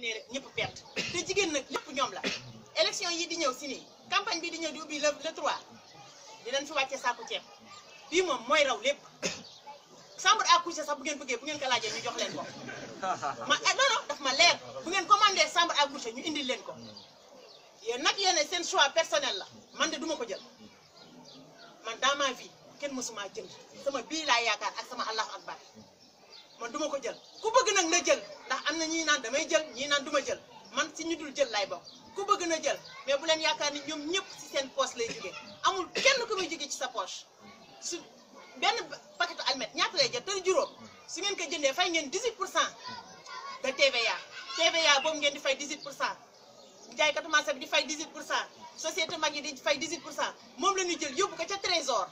génnee rek ñëpp perte te jigéen nag ñëpp ñoom la élection yi di ñëw si nii campagne bi di ñëw di ubbi le le 3 dinañ fi wàccee saaku ceeb bii moom mooy raw lépp chambre à coucher bu ngeen bëggee bu ngeen ko laajee ñu jox leen ko ma eh, non non daf ma leer bu ngeen commandé chambre à coucher ñu indil leen ko yéen nag yéen seen choix personnel la man de duma ko jël man dans ma vie kenn mësuma jënd sama bii laa yaakaar ak sama allahu akbar man duma ko jël ku bëgg nag na jël am na ñii naan damay jël ñii naan du ma jël man si ñu dul jël lay bokk ku bëgg na jël mais bu leen yaakaar ni ñoom ñëpp si seen poche lay jógee amul kenn ku muy jógee ci sa poche su benn paquetu almet ñaata lay jël tër juróom su meen ko jëndee fay ngeen 18 pour cent de TVA boobu ngeen di fay 18 pour cent jaaykatu marché bi di fay 18 pour cent société mag yi di fay 18 pour cent moom la ñuy jël yóbbu ko ca trésor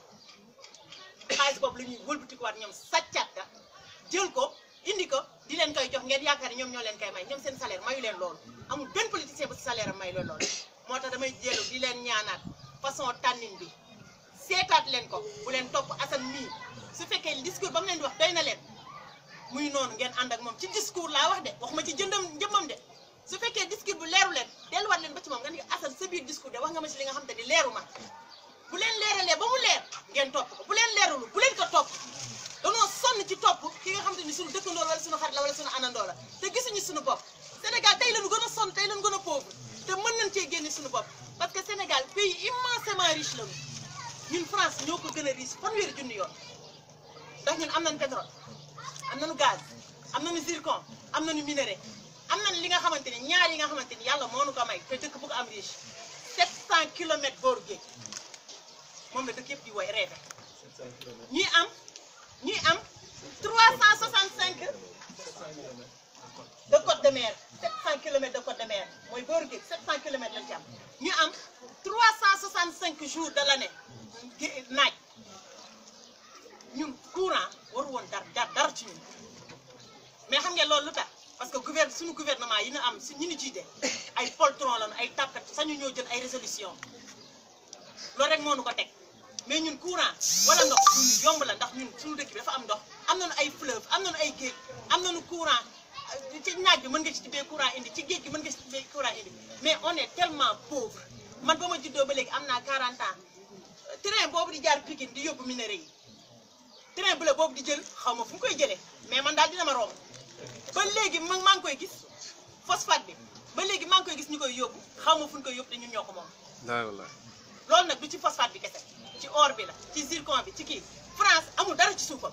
xaalis boobu la ñuy wëlbatikuwaat ñoom sàccaat ka jël ko. yaakaar ne ñoom ñoo leen koy may ñoom seen salaire mayu leen loolu amul benn politicien bu si salaire am may loolu moo tax damay jéelu di leen ñaanaat façon tànnin bi seetaat leen ko bu leen topp asan mii su fekkee discours ba mu leen di wax doy na leen muy noonu ngeen ànd moom ci discours laa wax de wax ma ci jëndam njëmmam de su fekkee discours bu leeru leen delluwaat leen ba ci moom nga ne asan sa biir discours de wax nga ma si li nga xam te ni leeru ma bu leen leeralee ba mu leer ngeen topp ko bu leen leerulu bu leen ko topp danoo sonn ci topp ki nga xam te ni suñu dëkkandoo la wala suñu bopp Sénégal tey lañu gën a sonn tey lañu gën a pauvre te mën nañ cee génne suñu bopp parce que Sénégal pays immensément riche lañu ñun France ñoo ko gën a riche fanweeri junni yoon ndax ñun am nañu pétrole am nañu gaz am na nañu zircon am na nañu minerai am nañu li nga xamante ni ñaar yi nga xamante ni yàlla moo nu ko may te dëkk bu ko am riche 700 kilomètres booru gé de mer 700 kilomètres de côte de mer mooy booru 700 kilomètres de ci Nous ñu am 365 jours de l'année naaj ñun courant waru woon dar dar ci ñun mais xam ngeen loolu tax parce que gouverne suñu gouvernement yi ñu am su ñu ni jiite ay poltron lañu ay tapet sañu ñoo jël ay résolution loolu rek moo nu ko tek mais ñun courant wala ndox ñun yomb la ndax ñun suñu dëkk bi dafa am ndox am nañu ay fleuve am nañu ay géej am nañu courant ci naaj bi mën nga ci tibbee courant indi ci géej gi mën nga ci tibbee courant indi mais on est tellement pauvre man ba ma juddoo ba léegi am naa 40 ans boobu di jaar Pikine di yóbbu minerai yi train bleu boobu di jël xaw ma fu mu koy jëlee mais man daal dina ma romb ba léegi ma maa ngi koy gis phosphate bi ba léegi maa ngi koy gis ñu koy yóbbu xaw ma fu ñu koy yóbbu te ñun ñoo ko moom. loolu nag du ci phosphate bi kese ci or bi la ci zircon bi ci k France amul dara ci suufam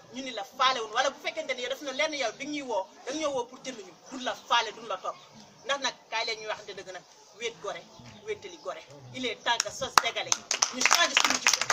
ñu ni la faalewuñ wala bu fekkente ni daf na lenn yow bi ñuy woo da pour jënduñu duñ la faale duñ la topp ndax nag kaay leen ñuy waxante dëgg nag wéet gore wéetali gore il est temps que sos sénégalais ñu change suñu jikko